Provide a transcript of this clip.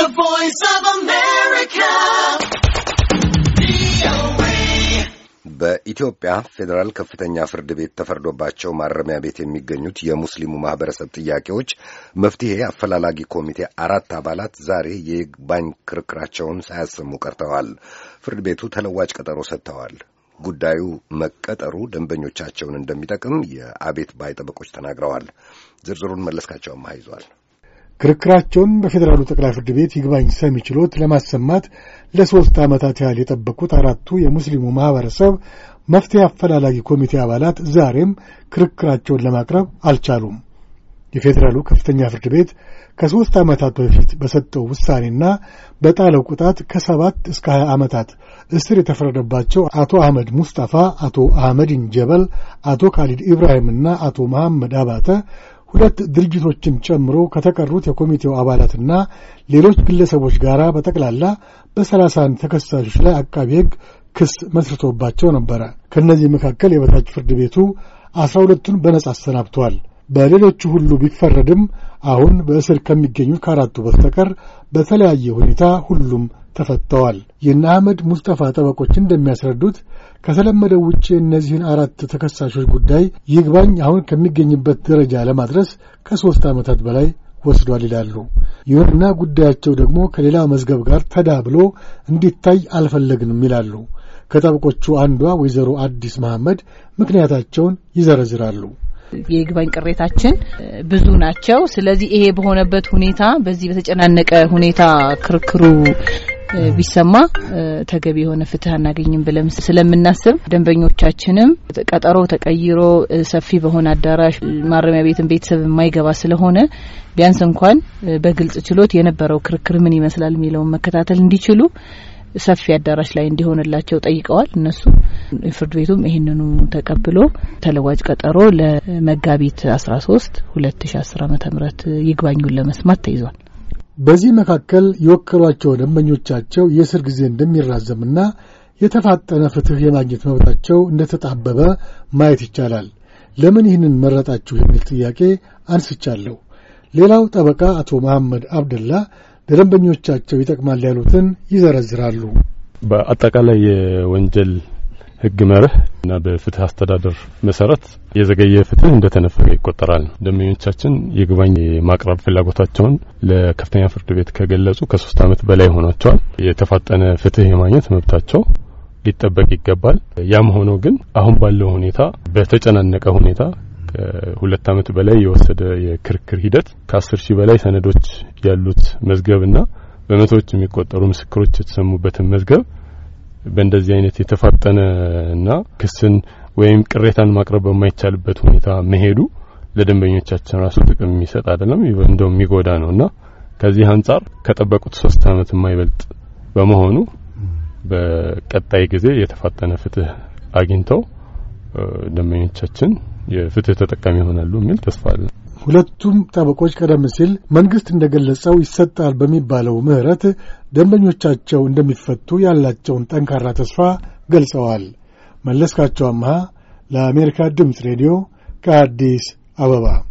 The Voice of America. በኢትዮጵያ ፌዴራል ከፍተኛ ፍርድ ቤት ተፈርዶባቸው ማረሚያ ቤት የሚገኙት የሙስሊሙ ማህበረሰብ ጥያቄዎች መፍትሄ አፈላላጊ ኮሚቴ አራት አባላት ዛሬ የይግባኝ ክርክራቸውን ሳያሰሙ ቀርተዋል። ፍርድ ቤቱ ተለዋጭ ቀጠሮ ሰጥተዋል። ጉዳዩ መቀጠሩ ደንበኞቻቸውን እንደሚጠቅም የአቤት ባይ ጠበቆች ተናግረዋል። ዝርዝሩን መለስካቸው አማህ ይዟል። ክርክራቸውን በፌዴራሉ ጠቅላይ ፍርድ ቤት ይግባኝ ሰሚ ችሎት ለማሰማት ለሦስት ዓመታት ያህል የጠበቁት አራቱ የሙስሊሙ ማኅበረሰብ መፍትሄ አፈላላጊ ኮሚቴ አባላት ዛሬም ክርክራቸውን ለማቅረብ አልቻሉም። የፌዴራሉ ከፍተኛ ፍርድ ቤት ከሦስት ዓመታት በፊት በሰጠው ውሳኔና በጣለው ቅጣት ከሰባት እስከ ሀያ ዓመታት እስር የተፈረደባቸው አቶ አህመድ ሙስጠፋ፣ አቶ አህመድን ጀበል፣ አቶ ካሊድ ኢብራሂምና አቶ መሐመድ አባተ ሁለት ድርጅቶችን ጨምሮ ከተቀሩት የኮሚቴው አባላትና ሌሎች ግለሰቦች ጋር በጠቅላላ በሰላሳ አንድ ተከሳሾች ላይ አቃቢ ሕግ ክስ መስርቶባቸው ነበረ። ከእነዚህ መካከል የበታች ፍርድ ቤቱ አስራ ሁለቱን በነጻ አሰናብተዋል። በሌሎቹ ሁሉ ቢፈረድም አሁን በእስር ከሚገኙት ከአራቱ በስተቀር በተለያየ ሁኔታ ሁሉም ተፈተዋል። የነ አህመድ ሙስጠፋ ጠበቆች እንደሚያስረዱት ከተለመደው ውጭ እነዚህን አራት ተከሳሾች ጉዳይ ይግባኝ አሁን ከሚገኝበት ደረጃ ለማድረስ ከሦስት ዓመታት በላይ ወስዷል ይላሉ። ይሁንና ጉዳያቸው ደግሞ ከሌላ መዝገብ ጋር ተዳብሎ እንዲታይ አልፈለግንም ይላሉ። ከጠበቆቹ አንዷ ወይዘሮ አዲስ መሐመድ ምክንያታቸውን ይዘረዝራሉ። የይግባኝ ቅሬታችን ብዙ ናቸው። ስለዚህ ይሄ በሆነበት ሁኔታ በዚህ በተጨናነቀ ሁኔታ ክርክሩ ቢሰማ ተገቢ የሆነ ፍትህ አናገኝም ብለን ስለምናስብ ደንበኞቻችንም ቀጠሮ ተቀይሮ ሰፊ በሆነ አዳራሽ ማረሚያ ቤትን ቤተሰብ የማይገባ ስለሆነ ቢያንስ እንኳን በግልጽ ችሎት የነበረው ክርክር ምን ይመስላል የሚለውን መከታተል እንዲችሉ ሰፊ አዳራሽ ላይ እንዲሆንላቸው ጠይቀዋል። እነሱ ፍርድ ቤቱም ይህንኑ ተቀብሎ ተለዋጭ ቀጠሮ ለመጋቢት አስር አመተ ዓ.ም ይግባኙን ለመስማት ተይዟል። በዚህ መካከል የወከሏቸው ደንበኞቻቸው የእስር ጊዜ እንደሚራዘምና የተፋጠነ ፍትሕ የማግኘት መብታቸው እንደተጣበበ ማየት ይቻላል። ለምን ይህንን መረጣችሁ የሚል ጥያቄ አንስቻለሁ። ሌላው ጠበቃ አቶ መሐመድ አብደላ ለደንበኞቻቸው ይጠቅማል ያሉትን ይዘረዝራሉ። በአጠቃላይ የወንጀል ህግ መርህ እና በፍትህ አስተዳደር መሰረት የዘገየ ፍትህ እንደተነፈገ ይቆጠራል። ደንበኞቻችን ይግባኝ የማቅረብ ፍላጎታቸውን ለከፍተኛ ፍርድ ቤት ከገለጹ ከሶስት ዓመት በላይ ሆኗቸዋል። የተፋጠነ ፍትህ የማግኘት መብታቸው ሊጠበቅ ይገባል። ያም ሆኖ ግን አሁን ባለው ሁኔታ በተጨናነቀ ሁኔታ ከሁለት ዓመት በላይ የወሰደ የክርክር ሂደት ከአስር ሺህ በላይ ሰነዶች ያሉት መዝገብና በመቶዎች የሚቆጠሩ ምስክሮች የተሰሙበትን መዝገብ በእንደዚህ አይነት የተፋጠነ እና ክስን ወይም ቅሬታን ማቅረብ በማይቻልበት ሁኔታ መሄዱ ለደንበኞቻችን ራሱ ጥቅም የሚሰጥ አይደለም፣ እንደውም የሚጎዳ ነው እና ከዚህ አንጻር ከጠበቁት ሶስት አመት የማይበልጥ በመሆኑ በቀጣይ ጊዜ የተፋጠነ ፍትህ አግኝተው ደንበኞቻችን የፍትህ ተጠቃሚ ይሆናሉ የሚል ተስፋ አለን። ሁለቱም ጠበቆች ቀደም ሲል መንግሥት ገለጸው ይሰጣል በሚባለው ምሕረት ደንበኞቻቸው እንደሚፈቱ ያላቸውን ጠንካራ ተስፋ ገልጸዋል። መለስካቸው አምሃ ለአሜሪካ ድምፅ ሬዲዮ ከአዲስ አበባ